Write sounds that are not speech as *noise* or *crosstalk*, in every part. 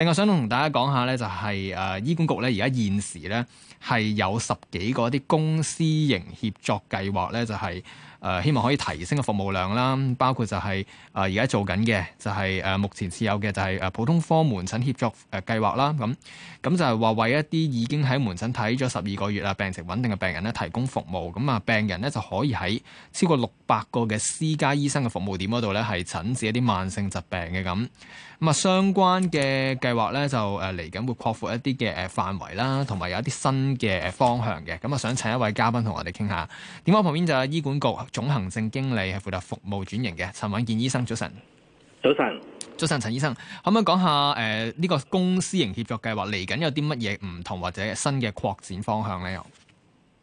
另外我想同大家講下咧、就是，就係誒醫管局咧，而家現時咧係有十幾個一啲公私營協作計劃咧，就係、是。誒希望可以提升嘅服務量啦，包括就係誒而家做緊嘅，就係、是、誒目前持有嘅就係誒普通科門診協作誒計劃啦。咁咁就係話為一啲已經喺門診睇咗十二個月啦、病情穩定嘅病人咧提供服務。咁啊，病人咧就可以喺超過六百個嘅私家醫生嘅服務點嗰度咧係診治一啲慢性疾病嘅咁。咁啊，相關嘅計劃咧就誒嚟緊會擴闊，闊一啲嘅誒範圍啦，同埋有一啲新嘅方向嘅。咁啊，想請一位嘉賓同我哋傾下。點解旁邊就係醫管局？總行政經理係負責服務轉型嘅，陳允健醫生早晨，早晨，早晨安，陳醫生可唔可以講下誒呢個公私營協作計劃嚟緊有啲乜嘢唔同或者新嘅擴展方向咧？又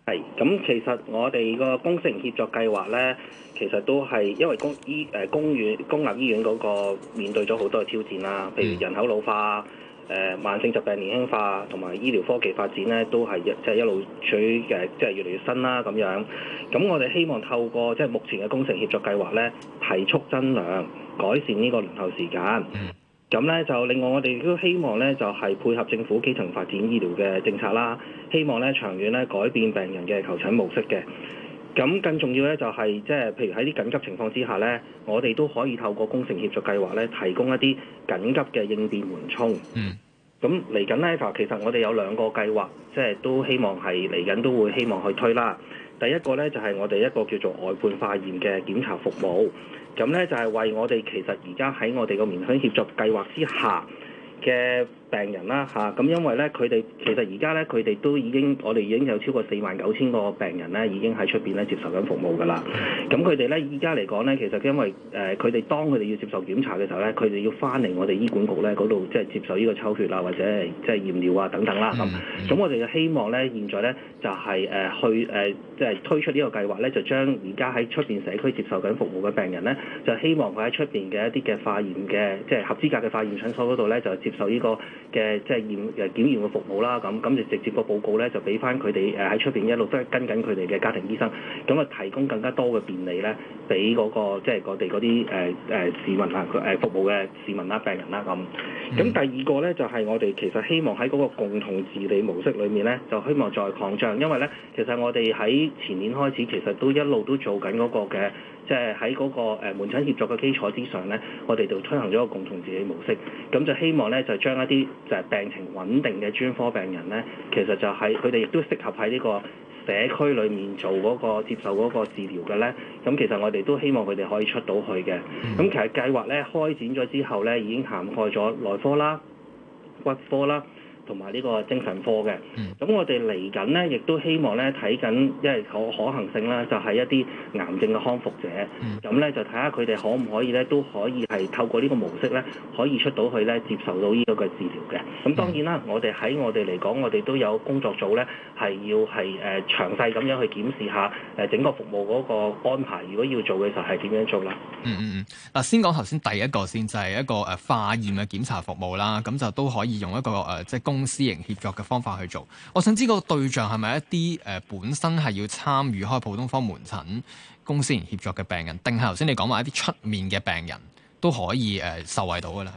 係咁，其實我哋個公私營協作計劃咧，其實都係因為公醫誒，公院、公立醫院嗰個面對咗好多嘅挑戰啦，譬如人口老化。嗯誒、呃、慢性疾病年輕化，同埋醫療科技發展咧，都係即係一路取嘅，即係越嚟越新啦。咁樣咁我哋希望透過即係、就是、目前嘅公私營協作計劃咧，提速增量，改善呢個輪候時間。咁咧就另外，我哋亦都希望咧，就係、是、配合政府基層發展醫療嘅政策啦，希望咧長遠咧改變病人嘅求診模式嘅。咁更重要咧，就係即係，譬如喺啲緊急情況之下咧，我哋都可以透過公私營協作計劃咧，提供一啲緊急嘅應變緩衝。嗯。咁嚟緊咧就其實我哋有兩個計劃，即係都希望係嚟緊都會希望去推啦。第一個咧就係、是、我哋一個叫做外判化驗嘅檢查服務。咁咧就係為我哋其實而家喺我哋個聯響協作計劃之下，嘅病人啦吓，咁、啊、因為咧佢哋其實而家咧佢哋都已經我哋已經有超過四萬九千個病人咧已經喺出邊咧接受緊服務噶啦。咁佢哋咧而家嚟講咧，其實因為誒，佢、呃、哋當佢哋要接受檢查嘅時候咧，佢哋要翻嚟我哋醫管局咧嗰度即係接受呢個抽血啦、啊，或者即係驗尿啊等等啦。咁咁、嗯嗯、我哋就希望咧，現在咧就係誒去誒即係推出個呢個計劃咧，就將而家喺出邊社區接受緊服務嘅病人咧，就希望佢喺出邊嘅一啲嘅化驗嘅即係合資格嘅化驗診所嗰度咧就。接受呢個嘅即係驗誒檢驗嘅服務啦，咁咁就直接個報告咧就俾翻佢哋誒喺出邊一路都係跟緊佢哋嘅家庭醫生，咁啊提供更加多嘅便利咧，俾嗰個即係我哋嗰啲誒誒市民啊誒服務嘅市民啦病人啦咁。咁、嗯、第二個咧就係我哋其實希望喺嗰個共同治理模式裏面咧，就希望再擴張，因為咧其實我哋喺前年開始其實都一路都做緊嗰個嘅。即係喺嗰個誒門診協作嘅基礎之上咧，我哋就推行咗個共同治理模式，咁就希望咧就將一啲就係病情穩定嘅專科病人咧，其實就係佢哋亦都適合喺呢個社區裡面做嗰個接受嗰個治療嘅咧，咁其實我哋都希望佢哋可以出到去嘅。咁其實計劃咧開展咗之後咧，已經涵蓋咗內科啦、骨科啦。同埋呢個精神科嘅，咁、嗯、我哋嚟緊呢，亦都希望呢睇緊，因為可可行性啦，就係一啲癌症嘅康復者，咁呢、嗯，就睇下佢哋可唔可以呢，都可以係透過呢個模式呢，可以出到去呢，接受到呢個嘅治療嘅。咁當然啦、嗯，我哋喺我哋嚟講，我哋都有工作組呢，係要係誒詳細咁樣去檢視下誒整個服務嗰個安排，如果要做嘅時候係點樣做啦？嗯嗯嗯。嗱，先講頭先第一個先，就係、是、一個化驗嘅檢查服務啦，咁就都可以用一個誒、呃、即係公私營協作嘅方法去做，我想知個對象係咪一啲誒、呃、本身係要參與開普通科門診公私營協作嘅病人，定係頭先你講話一啲出面嘅病人都可以誒、呃、受惠到嘅啦？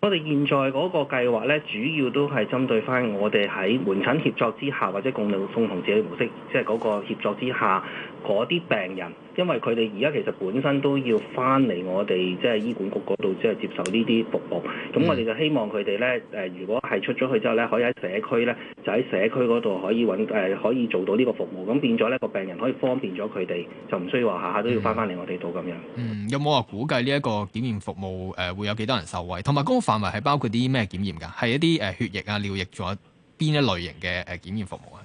我哋現在嗰個計劃呢，主要都係針對翻我哋喺門診協作之下或者共流共同治理模式，即係嗰個協作之下嗰啲病人。因為佢哋而家其實本身都要翻嚟我哋即係醫管局嗰度，即係接受呢啲服務。咁我哋就希望佢哋咧，誒如果係出咗去之後咧，可以喺社區咧，就喺社區嗰度可以揾、呃、可以做到呢個服務。咁變咗咧，個病人可以方便咗佢哋，就唔需要話下下都要翻翻嚟我哋度咁樣。嗯，有冇話估計呢一個檢驗服務誒、呃、會有幾多人受惠？同埋嗰個範圍係包括啲咩檢驗㗎？係一啲誒血液啊、尿液咗邊一類型嘅誒檢驗服務啊？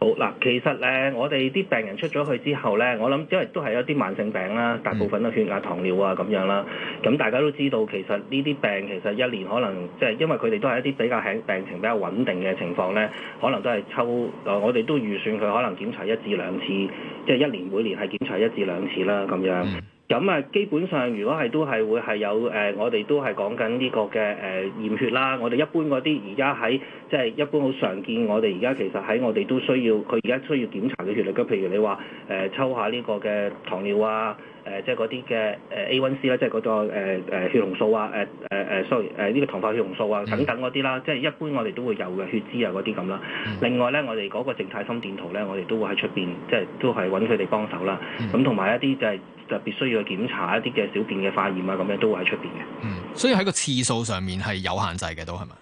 好嗱，其實咧，我哋啲病人出咗去之後咧，我諗因為都係有啲慢性病啦，大部分都血壓、糖尿啊咁樣啦。咁大家都知道，其實呢啲病其實一年可能即係、就是、因為佢哋都係一啲比較輕病情比較穩定嘅情況咧，可能都係抽。呃、我哋都預算佢可能檢查一至兩次，即、就、係、是、一年每年係檢查一至兩次啦咁樣。咁啊，基本上如果係都係會係有誒、呃，我哋都係講緊呢個嘅誒驗血啦。我哋一般嗰啲而家喺即係一般好常見，我哋而家其實喺我哋都需要佢而家需要檢查嘅血嚟。譬如你話誒、呃、抽下呢個嘅糖尿啊，誒、呃就是呃、即係嗰啲嘅誒 A1C 啦，即係嗰個誒血紅素啊，誒誒 sorry 誒呢個糖化血紅素啊等等嗰啲啦。即、就、係、是、一般我哋都會有嘅血脂啊嗰啲咁啦。另外咧，我哋嗰個靜態心電圖咧，我哋都會喺出邊即係都係揾佢哋幫手啦。咁同埋一啲就係就必須要。個檢查一啲嘅小便嘅化驗啊，咁樣都會喺出邊嘅。嗯，所以喺個次數上面係有限制嘅，都係咪？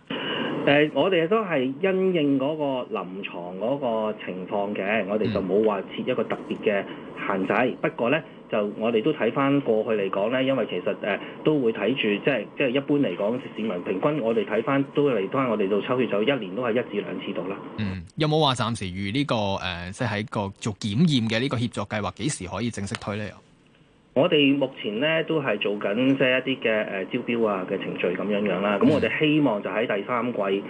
誒、呃，我哋都係因應嗰個臨床嗰個情況嘅，我哋就冇話設一個特別嘅限制。嗯、不過呢，就我哋都睇翻過去嚟講呢，因為其實誒、呃、都會睇住，即係即係一般嚟講市民平均我，我哋睇翻都嚟翻，我哋做抽血就一年都係一至兩次到啦。嗯，有冇話暫時預呢、這個誒，即係喺個做檢驗嘅呢個協作計劃幾時可以正式推咧？我哋目前咧都係做緊即係一啲嘅誒招標啊嘅程序咁樣樣啦，咁我哋希望就喺第三季誒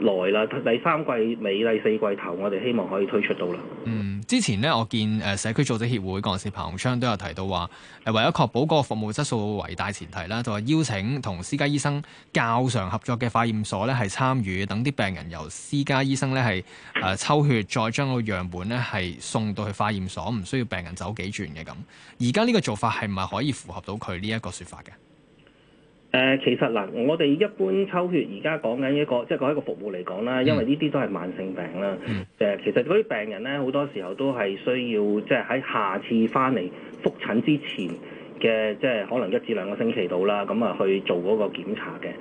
來啦，第三季尾、第四季頭，我哋希望可以推出到啦。嗯。之前咧，我見誒社區組織協會幹事彭鴻昌都有提到話，誒為咗確保個服務質素為大前提啦，就話、是、邀請同私家醫生較常合作嘅化驗所咧係參與，等啲病人由私家醫生咧係誒抽血，再將個樣本咧係送到去化驗所，唔需要病人走幾轉嘅咁。而家呢個做法係唔係可以符合到佢呢一個說法嘅？誒、呃，其實嗱、呃，我哋一般抽血，而家講緊一個，即係講一個服務嚟講啦，因為呢啲都係慢性病啦。誒、呃，其實嗰啲病人咧，好多時候都係需要，即係喺下次翻嚟復診之前。嘅即係可能一至兩個星期到啦，咁啊去做嗰個檢查嘅，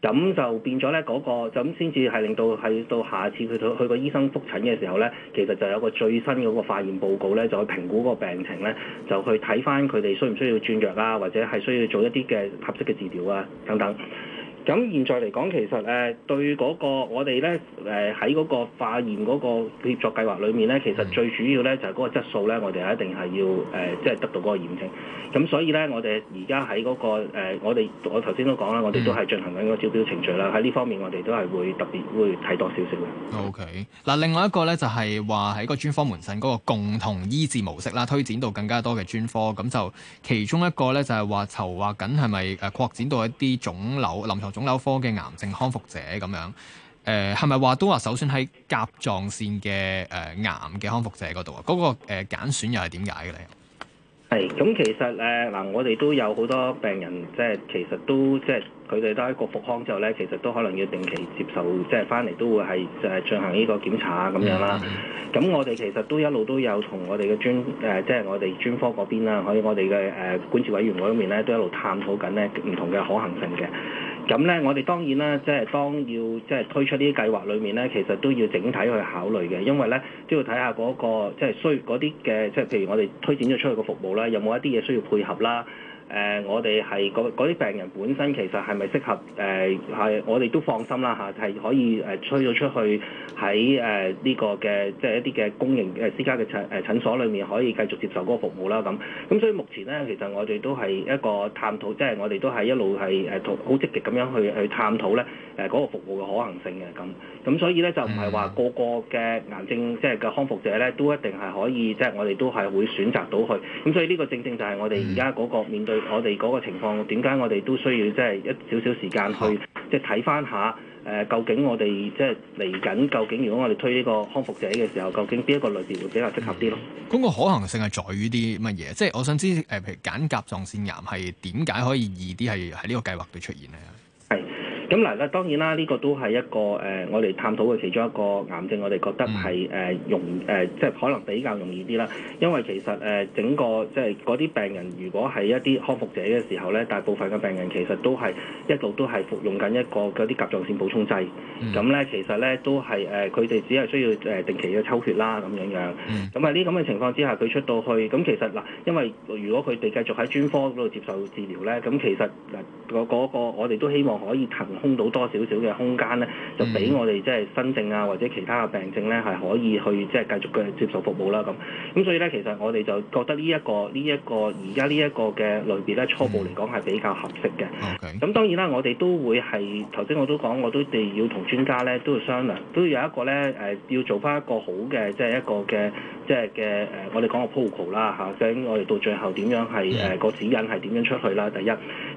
咁就變咗呢嗰個，咁先至係令到喺到下次佢去佢個醫生復診嘅時候呢，其實就有個最新嗰個化驗報告呢，就去評估個病情呢，就去睇翻佢哋需唔需要轉藥啊，或者係需要做一啲嘅合適嘅治療啊等等。咁現在嚟講，其實誒對嗰個我哋咧誒喺嗰個化驗嗰個協作計劃裏面咧，其實最主要咧就係嗰個質素咧，我哋係一定係要誒即係得到嗰個驗證。咁所以咧，我哋而家喺嗰個誒我哋我頭先都講啦，我哋都係進行緊嗰個招標程序啦。喺呢、嗯、方面，我哋都係會特別會睇多少少。嘅。O K. 嗱，另外一個咧就係話喺個專科門診嗰個共同醫治模式啦，推展到更加多嘅專科。咁就其中一個咧就係話籌劃緊係咪誒擴展到一啲腫瘤臨牀。腫瘤科嘅癌症康復者咁樣，誒係咪話都話首先喺甲狀腺嘅誒、呃、癌嘅康復者嗰度啊？嗰、嗰個誒揀選、呃、又係點解嘅咧？係咁，其實誒嗱，我哋都有好多病人，即係其實都即係佢哋都喺個復康之後咧，其實都可能要定期接受，即係翻嚟都會係誒進行呢個檢查啊咁樣啦。咁、嗯、我哋其實都一路都有同我哋嘅專誒、呃，即係我哋專科嗰邊啦，可以我哋嘅誒管治委員會嗰邊咧，都一路探討緊呢唔同嘅可行性嘅。咁咧，我哋當然啦，即係當要即係推出呢啲計劃裏面咧，其實都要整體去考慮嘅，因為咧都要睇下嗰、那個即係、就是、需嗰啲嘅，即係譬如我哋推展咗出去個服務咧，有冇一啲嘢需要配合啦。誒、 *noise* 呃，我哋係嗰啲病人本身其實係咪適合？誒、呃、係我哋都放心啦嚇，係、啊、可以誒推咗出去喺誒呢個嘅即係一啲嘅公營誒、呃、私家嘅診誒診所裏面可以繼續接受嗰個服務啦咁。咁、嗯、所以目前咧，其實我哋都係一個探討，即、就、係、是、我哋都係一路係誒好積極咁樣去去探討咧誒嗰個服務嘅可行性嘅咁。咁、嗯、所以咧就唔係話個個嘅癌症即係嘅康復者咧都一定係可以，即、就、係、是、我哋都係會選擇到去。咁、嗯、所以呢個正正，正就係我哋而家嗰個面對。 *noise* *noise* 我哋嗰個情況點解我哋都需要即係、就是、一少少時間去是即係睇翻下誒究竟我哋即係嚟緊，究竟如果我哋推呢個康復者嘅時候，究竟邊一個類別會比較適合啲咯？嗰、嗯、嗰個可能性係在於啲乜嘢？即係我想知誒，譬如揀甲狀腺癌係點解可以易啲係喺呢個計劃度出現咧？咁嗱，當然啦，呢、這個都係一個誒、呃，我哋探討嘅其中一個癌症，我哋覺得係誒、呃、容誒、呃，即係可能比較容易啲啦。因為其實誒、呃、整個即係嗰啲病人，如果係一啲康復者嘅時候咧，大部分嘅病人其實都係一路都係服用緊一個嗰啲甲狀腺補充劑。咁咧、嗯，其實咧都係誒，佢、呃、哋只係需要誒定期嘅抽血啦，咁樣樣。咁啊，呢咁嘅情況之下，佢出到去，咁其實嗱，因為如果佢哋繼續喺專科嗰度接受治療咧，咁其實嗱、那、嗰個，那個、我哋都希望可以騰。空到多少少嘅空間咧，就俾我哋即係新症啊，或者其他嘅病症咧，係可以去即係繼續嘅接受服務啦。咁咁所以咧，其實我哋就覺得呢一個呢一、這個而家呢一個嘅類別咧，初步嚟講係比較合適嘅。咁、嗯 okay. 嗯、當然啦，我哋都會係頭先我都講，我都哋要同專家咧都要商量，都要有一個咧誒要做翻一個好嘅，即係一個嘅即係嘅誒，我哋講個 proposal 啦嚇，咁我哋到最後點樣係誒個指引係點樣出去啦？第一。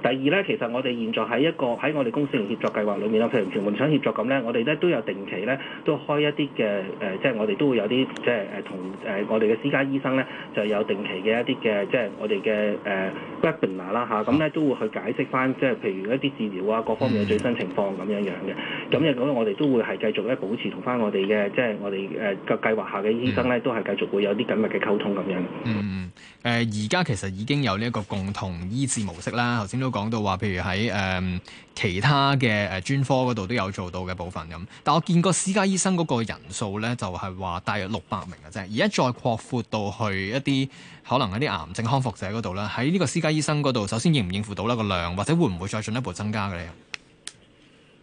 第二咧，其實我哋現在喺一個喺我哋公私營協作計劃裏面啦，譬如全門診協作咁咧，我哋咧都有定期咧都開一啲嘅誒，即、呃、係我哋都會有啲即係誒同誒我哋嘅私家醫生咧，就有定期嘅一啲嘅即係我哋嘅誒 workplan 啦嚇，咁、呃、咧、呃呃、都會去解釋翻，即係譬如一啲治療啊各方面嘅最新情況咁樣樣嘅。咁亦都我哋都會係繼續咧保持同翻我哋嘅即係我哋誒個計劃下嘅醫生咧，都係繼續會有啲緊密嘅溝通咁樣。嗯嗯誒，而、呃、家其實已經有呢一個共同醫治模式啦。頭先都講到話，譬如喺誒、嗯、其他嘅誒專科嗰度都有做到嘅部分咁，但我見過私家醫生嗰個人數呢，就係話大約六百名嘅啫。而家再擴闊到去一啲可能一啲癌症康復者嗰度咧，喺呢個私家醫生嗰度，首先應唔應付到呢個量，或者會唔會再進一步增加嘅呢？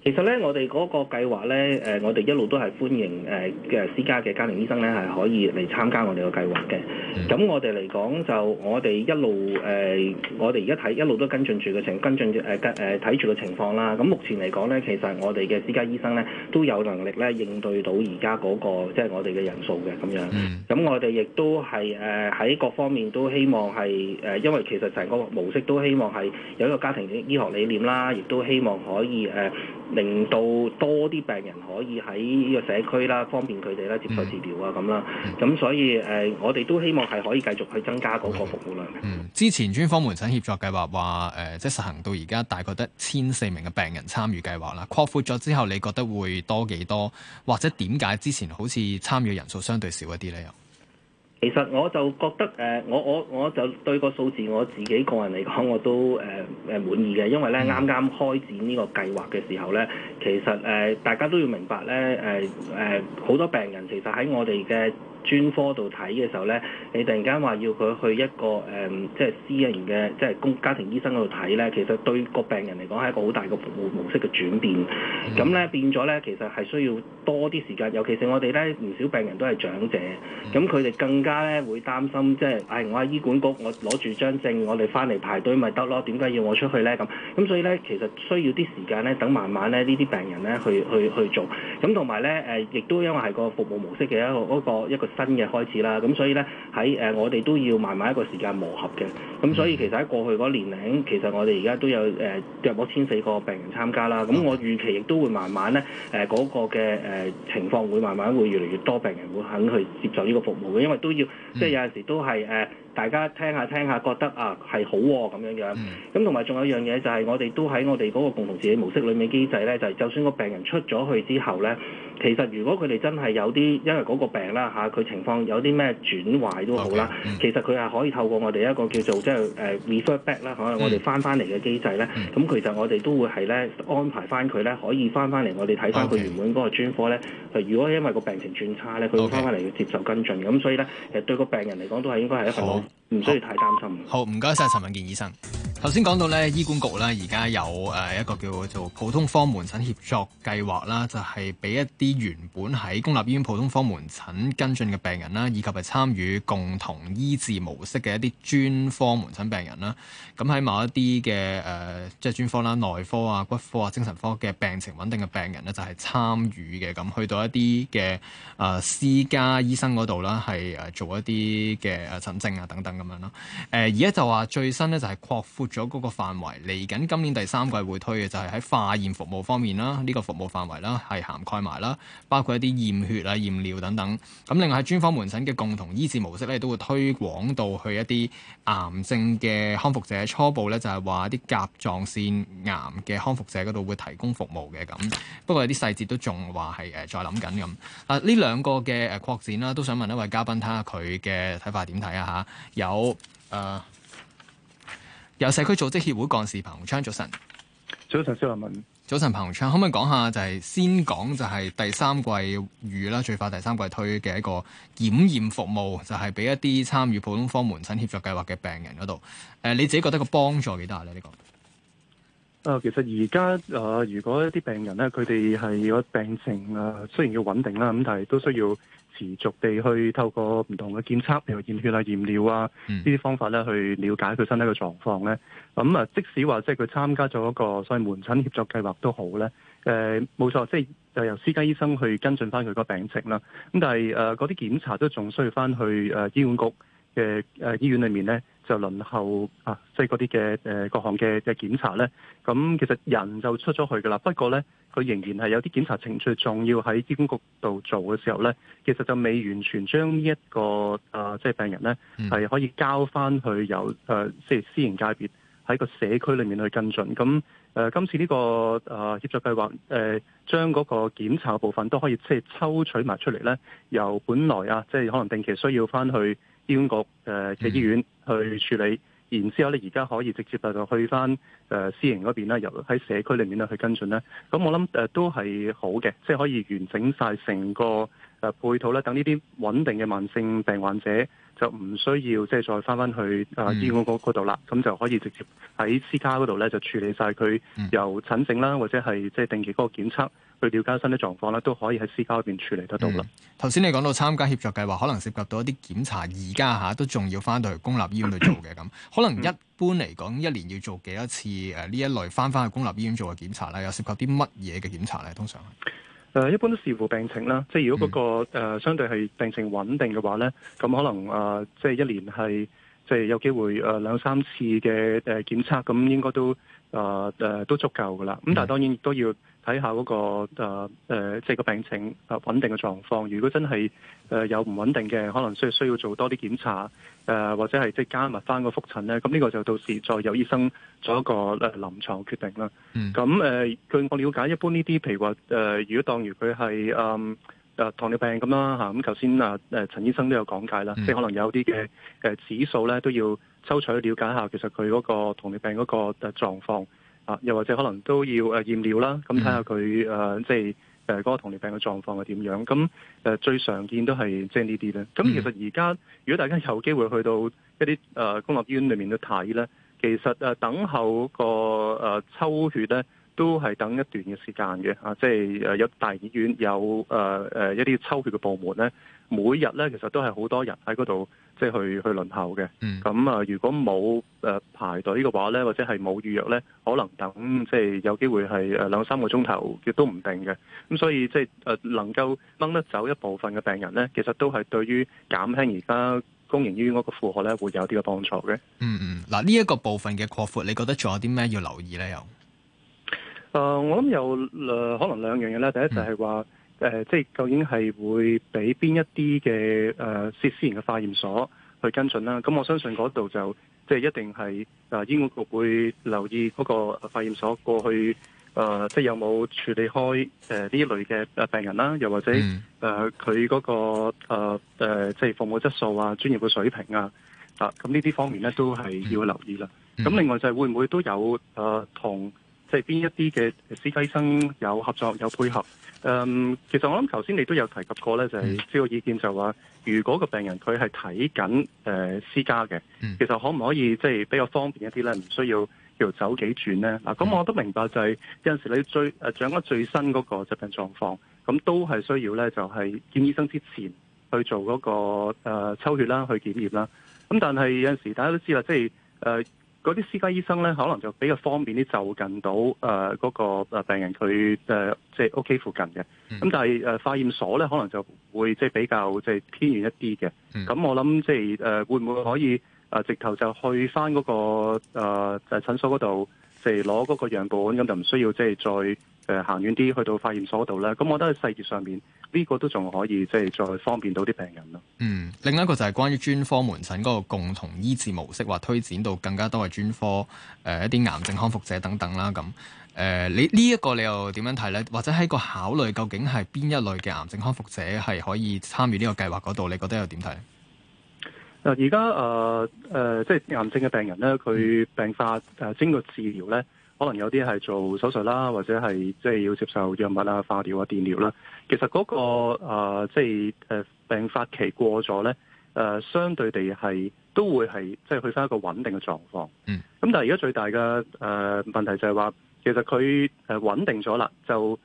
其實咧，我哋嗰個計劃咧，誒，我哋一路都係歡迎誒嘅、呃、私家嘅家庭醫生咧，係可以嚟參加我哋個計劃嘅。咁我哋嚟講就我、呃，我哋一路誒，我哋而家睇一路都跟進住嘅情，跟進住誒，跟誒睇住嘅情況啦。咁目前嚟講咧，其實我哋嘅私家醫生咧都有能力咧應對到而家嗰個即係、就是、我哋嘅人數嘅咁樣。咁我哋亦都係誒喺各方面都希望係誒、呃，因為其實成個模式都希望係有一個家庭醫學理念啦，亦都希望可以誒。呃令到多啲病人可以喺呢個社區啦，方便佢哋啦，接受治療啊咁啦，咁所以誒、呃，我哋都希望係可以繼續去增加嗰個服務量。嗯，之前專科門診協作計劃話誒、呃，即係實行到而家大概得千四名嘅病人參與計劃啦。擴闊咗之後，你覺得會多幾多？或者點解之前好似參與人數相對少一啲呢？又？其實我就覺得誒，我我我就對個數字我自己個人嚟講，我都誒誒、呃、滿意嘅，因為咧啱啱開展呢個計劃嘅時候咧，其實誒、呃、大家都要明白咧誒誒好多病人其實喺我哋嘅專科度睇嘅時候咧，你突然間話要佢去一個誒、嗯，即係私人嘅，即係公家庭醫生度睇咧，其實對個病人嚟講係一個好大嘅服務模式嘅轉變。咁咧、嗯、變咗咧，其實係需要多啲時間，尤其是我哋咧唔少病人都係長者，咁佢哋更加咧會擔心，即係誒、哎、我喺醫管局，我攞住張證，我哋返嚟排隊咪得咯，點解要我出去咧？咁咁所以咧，其實需要啲時間咧，等慢慢咧呢啲病人咧去去去做。咁同埋咧誒，亦都因為係個服務模式嘅一個一個。一個一個新嘅開始啦，咁所以呢，喺誒、呃、我哋都要慢慢一個時間磨合嘅，咁所以其實喺過去嗰年零，其實我哋而家都有誒約咗千四個病人參加啦，咁我預期亦都會慢慢呢，誒、呃、嗰、那個嘅誒、呃、情況會慢慢會越嚟越多病人會肯去接受呢個服務嘅，因為都要、嗯、即係有陣時都係誒。呃大家聽下聽下，覺得啊係好喎、啊、咁樣樣。咁同埋仲有一樣嘢、就是，就係我哋都喺我哋嗰個共同治理模式裏面機制呢就係、是、就算個病人出咗去之後呢，其實如果佢哋真係有啲因為嗰個病啦嚇，佢、啊、情況有啲咩轉壞都好啦，okay, 其實佢係可以透過我哋一個叫做即係、就、誒、是呃、refer back 啦、啊，可能、嗯、我哋翻翻嚟嘅機制呢，咁、嗯、其實我哋都會係呢安排翻佢呢，可以翻翻嚟我哋睇翻佢原本嗰個專科呢。Okay, 如果因為個病情轉差呢，佢會翻翻嚟接受跟進嘅。咁 okay, 所以呢，其實對個病人嚟講都係應該係一份好 唔 *noise* 需要太擔心。好，唔該晒。陳允健醫生。頭先講到咧，醫管局咧而家有誒一個叫做普通科門診協作計劃啦，就係、是、俾一啲原本喺公立醫院普通科門診跟進嘅病人啦，以及係參與共同醫治模式嘅一啲專科門診病人啦。咁喺某一啲嘅誒，即、呃、係、就是、專科啦，內科啊、骨科啊、精神科嘅病情穩定嘅病人呢，就係參與嘅。咁去到一啲嘅誒私家醫生嗰度啦，係誒做一啲嘅誒診症啊等等咁樣咯。誒而家就話最新呢，就係擴闊咗嗰個範圍嚟緊，今年第三季會推嘅就係喺化驗服務方面啦，呢個服務範圍啦係涵蓋埋啦，包括一啲驗血啊、驗尿等等。咁另外喺專科門診嘅共同醫治模式咧，都會推廣到去一啲癌症嘅康復者，初步咧就係話啲甲狀腺癌嘅康復者嗰度會提供服務嘅咁。不過有啲細節都仲話係誒再諗緊咁。啊，呢兩個嘅誒擴展啦，都想問一位嘉賓睇下佢嘅睇法點睇啊嚇？有誒。呃由社區組織協會幹事彭鴻昌，早晨，早晨肖文，早晨彭鴻昌，可唔可以講下就係先講就係第三季預啦，最快第三季推嘅一個檢驗服務，就係、是、俾一啲參與普通科門診協作計劃嘅病人嗰度。誒、呃，你自己覺得個幫助幾大咧？呢個誒，其實而家誒，如果一啲病人咧，佢哋係個病情誒、呃，雖然要穩定啦，咁但係都需要。持續地去透過唔同嘅檢測，譬如驗血啊、驗尿啊呢啲方法咧，去了解佢身體嘅狀況咧。咁啊，即使話即係佢參加咗一個所謂門診協作計劃都好咧。誒，冇錯，即係就由私家醫生去跟進翻佢個病情啦。咁但係誒，嗰啲檢查都仲需要翻去誒，醫管局嘅誒醫院裏面咧。就輪候啊，即係嗰啲嘅誒各項嘅嘅檢查咧，咁、嗯、其實人就出咗去㗎啦。不過咧，佢仍然係有啲檢查程序仲要喺醫管局度做嘅時候咧，其實就未完全將呢一個啊，即、就、係、是、病人咧係可以交翻去由誒即係私營界別喺個社區裡面去跟進。咁、嗯、誒、啊，今次呢、這個啊協作計劃誒、啊，將嗰個檢查部分都可以即係、就是、抽取埋出嚟咧，由本來啊，即、就、係、是、可能定期需要翻去。醫管局誒嘅醫院去處理，然之後咧，而家可以直接就去翻誒私營嗰邊啦，由喺社區裏面咧去跟進咧。咁我諗誒都係好嘅，即係可以完整晒成個。誒配套咧，等呢啲穩定嘅慢性病患者就唔需要即係再翻翻去誒醫院嗰度啦，咁、嗯、就可以直接喺私家嗰度咧就處理晒佢、嗯、由診症啦，或者係即係定期嗰個檢測去瞭解身體狀況咧，都可以喺私家嗰邊處理得到啦。頭先、嗯、你講到參加協作計劃，可能涉及到一啲檢查，而家吓都仲要翻到去公立醫院去做嘅咁。嗯、可能一般嚟講，一年要做幾多次誒呢一類翻翻去公立醫院做嘅檢查咧？又涉及啲乜嘢嘅檢查咧？通常？誒、uh, 一般都視乎病情啦，即係如果嗰、那個、呃、相對係病情穩定嘅話咧，咁可能誒、呃、即係一年係即係有機會誒兩、呃、三次嘅誒檢測，咁、呃、應該都。啊，誒、呃、都足夠噶啦，咁、嗯、但係當然亦都要睇下嗰、那個誒即係個病情啊穩定嘅狀況。如果真係誒有唔穩定嘅，可能需需要做多啲檢查，誒或者係即係加密翻個覆診咧。咁呢個就到時再由醫生做一個臨床決定啦。咁誒，據我了解，一般呢啲，譬如話誒，如果當如佢係誒糖尿病咁啦嚇，咁頭先啊誒陳醫生都有講解啦，即係可能有啲嘅誒指數咧都要，抽取去了解下，其實佢嗰個糖尿病嗰個誒狀況啊，又或者可能都要誒、呃、驗尿啦，咁睇下佢誒即係誒嗰個糖尿病嘅狀況係點樣。咁誒、呃、最常見都係即係呢啲咧。咁其實而家如果大家有機會去到一啲誒、呃、公立醫院裏面去睇咧，其實誒、呃、等候個誒抽、呃、血咧。都係等一段嘅時間嘅啊，即係有大醫院有誒誒、呃、一啲抽血嘅部門咧，每日咧其實都係好多人喺嗰度即係去去輪候嘅。咁啊、嗯，如果冇誒排隊嘅話咧，或者係冇預約咧，可能等即係有機會係誒兩三個鐘頭亦都唔定嘅。咁、嗯、所以即係誒、呃、能夠掹得走一部分嘅病人咧，其實都係對於減輕而家公營醫院嗰個負荷咧，會有啲嘅幫助嘅、嗯。嗯嗯，嗱呢一個部分嘅擴闊，你覺得仲有啲咩要留意咧？又？啊、嗯嗯，我諗有，誒、呃，可能兩樣嘢咧。第一就係、是、話，誒、呃，即係究竟係會俾邊一啲嘅誒，設、呃、施型嘅化驗所去跟進啦。咁我相信嗰度就，即係一定係，誒，醫管局會留意嗰個化驗所過去，誒，即係有冇處理開誒呢一類嘅誒病人啦，又或者誒，佢嗰個誒，誒，即係服務質素啊，專業嘅水平啊，嗯嗯、啊，咁呢啲方面咧都係要，要留意啦。咁、嗯嗯、另外就係會唔會都有誒同？呃即係邊一啲嘅私家醫生有合作有配合？嗯、um，其實我諗頭先你都有提及過咧，mm. 就係呢個意見就係話，如果個病人佢係睇緊誒私家嘅，其實可唔可以即係比較方便一啲咧？唔需要叫走幾轉咧？嗱，咁我都明白就係、是、有陣時你最誒掌握最新嗰個疾病狀況，咁都係需要咧就係、是、見醫生之前去做嗰、那個誒抽、呃、血啦，去檢驗啦。咁但係有陣時大家都知啦，即係誒。呃嗰啲私家醫生咧，可能就比較方便啲，就近到誒嗰、呃嗰個病人佢誒、呃、即係屋企附近嘅。咁但係誒、呃、化驗所咧，可能就會即係比較即係偏遠一啲嘅。咁、嗯、我諗即係誒、呃、會唔會可以誒、呃、直頭就去返嗰、嗰個誒就、呃、診所嗰度？就攞嗰個樣本，咁就唔需要即係再誒行遠啲去到化驗所度喇。咁我覺得細節上面呢個都仲可以即係再方便到啲病人咯。嗯，另一個就係關於專科門診嗰個共同醫治模式，或推展到更加多嘅專科誒、呃、一啲癌症康復者等等啦。咁、呃、誒，你呢一個你又點樣睇咧？或者喺個考慮究竟係邊一類嘅癌症康復者係可以參與呢個計劃嗰度，你覺得又點睇？嗱，而家誒誒，即係癌症嘅病人咧，佢病發誒，經、呃、過治療咧，可能有啲係做手術啦，或者係即係要接受藥物啊、化療啊、電療啦。其實嗰、那個、呃、即係誒病發期過咗咧，誒、呃、相對地係都會係即係去返一個穩定嘅狀況。嗯。咁但係而家最大嘅誒、呃、問題就係話，其實佢誒穩定咗啦，就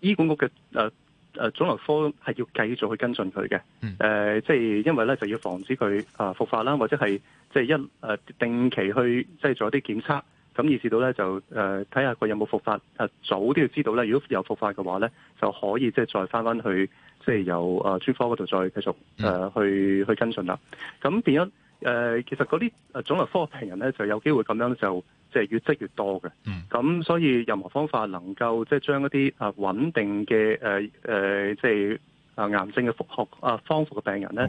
醫管局嘅誒。呃誒腫瘤科係要繼續去跟進佢嘅，誒、呃、即係因為咧就要防止佢啊、呃、復發啦，或者係即係一誒、呃、定期去即係做一啲檢測，咁意至到咧就誒睇下佢有冇復發，誒、呃、早都要知道咧，如果有復發嘅話咧，就可以即係再返返去即係由誒專科嗰度再繼續誒、呃、去去跟進啦。咁變咗。誒，其實嗰啲誒腫瘤科病人咧，就有機會咁樣就即係越積越多嘅。咁、嗯、所以任何方法能夠即係將一啲誒穩定嘅誒誒，即係誒癌症嘅復合啊，方復嘅病人咧，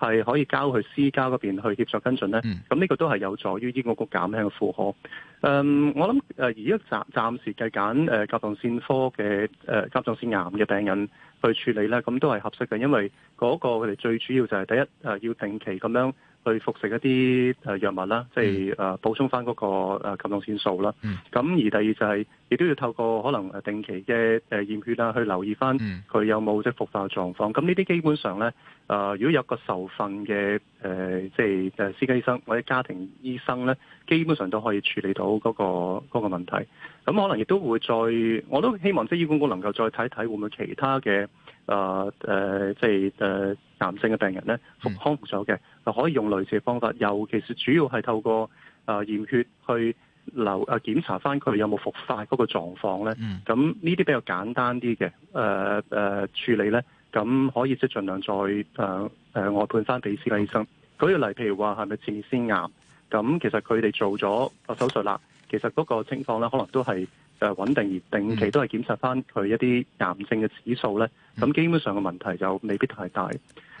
係 Okay. 可以交去私家嗰邊去協助跟進咧。咁呢、嗯、個都係有助於醫管局減輕負荷。誒、嗯，我諗誒而家暫暫時計揀誒甲狀腺科嘅誒甲狀腺癌嘅病人去處理咧，咁都係合適嘅，因為嗰個佢哋最主要就係第一誒要定期咁樣。去服食一啲誒藥物啦，嗯、即係誒、呃、補充翻嗰、那個誒睪酮素啦。咁、嗯、而第二就係、是，亦都要透過可能誒定期嘅誒驗血啦、啊，去留意翻佢有冇即係復發嘅狀況。咁呢啲基本上咧，誒、呃、如果有個受訓嘅誒即係誒私家醫生或者家庭醫生咧，基本上都可以處理到嗰、那個嗰、那個問題。咁、嗯、可能亦都會再，我都希望即係醫管局能夠再睇睇會唔會其他嘅。啊，誒、uh, 呃，即係誒，癌、呃、症嘅病人咧，復康復咗嘅，就可以用類似嘅方法，尤其是主要係透過啊驗、呃、血去留啊檢查翻佢有冇復發嗰個狀況咧。咁呢啲比較簡單啲嘅，誒、呃、誒、呃、處理咧，咁可以即係儘量再誒誒外判翻俾私家醫生。舉個例，譬如話係咪前列腺癌？咁其實佢哋做咗個手術啦。喇。其實嗰個情況咧，可能都係誒、呃、穩定，而定期都係檢查翻佢一啲癌症嘅指數咧。咁、嗯、基本上嘅問題就未必太大，大。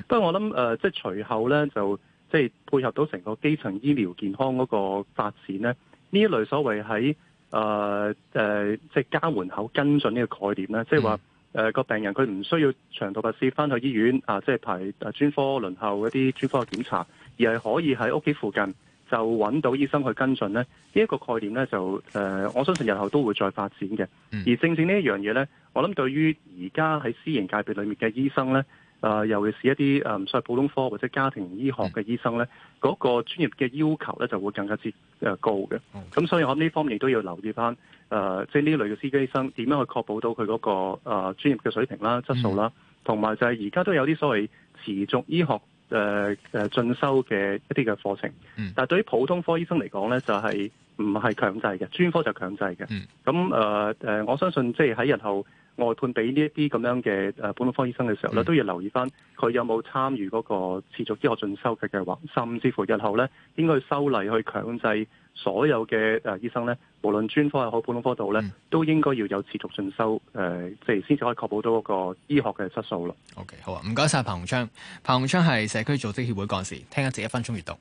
不過我諗誒、呃，即係隨後咧，就即係配合到成個基層醫療健康嗰個發展咧，呢一類所謂喺誒誒，即係家門口跟進呢個概念咧，即係話誒個病人佢唔需要長途跋涉翻去醫院啊、呃，即係排誒專科輪候一啲專科嘅檢查，而係可以喺屋企附近。就揾到醫生去跟進呢。呢一個概念呢，就誒，我相信日後都會再發展嘅。而正正呢一樣嘢呢，我諗對於而家喺私營界別裡面嘅醫生呢，誒，尤其是一啲誒唔算普通科或者家庭醫學嘅醫生呢，嗰個專業嘅要求呢就會更加之誒高嘅。咁所以我諗呢方面都要留意翻誒，即係呢類嘅私家醫生點樣去確保到佢嗰個誒專業嘅水平啦、質素啦，同埋就係而家都有啲所謂持續醫學。誒誒、呃、進修嘅一啲嘅課程，嗯、但係對於普通科醫生嚟講咧，就係唔係強制嘅，專科就強制嘅。咁誒誒，我相信即係喺日後外判俾呢一啲咁樣嘅誒普通科醫生嘅時候咧，都要留意翻佢有冇參與嗰個持續醫學進修嘅計劃，甚至乎日後咧應該去修例去強制。所有嘅誒、啊、醫生咧，無論專科又好，普通科都好咧，都應該要有持續進修，誒、呃，即係先至可以確保到嗰個醫學嘅質素咯。OK，好啊，唔該晒。彭鴻昌。彭鴻昌係社區組織協會幹事，聽一節一分鐘閲讀。